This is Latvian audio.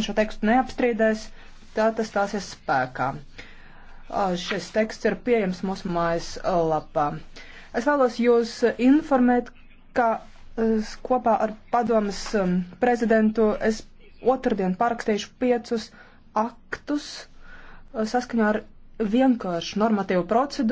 šo tekstu neapstrīdēs, tā tas stāsies spēkā. Šis teksts ir pieejams mūsu mājas lapā. Es vēlos jūs informēt, ka kopā ar padomas prezidentu es otrdien parakstīšu piecus aktus saskaņā ar vienkāršu normatīvu procedūru.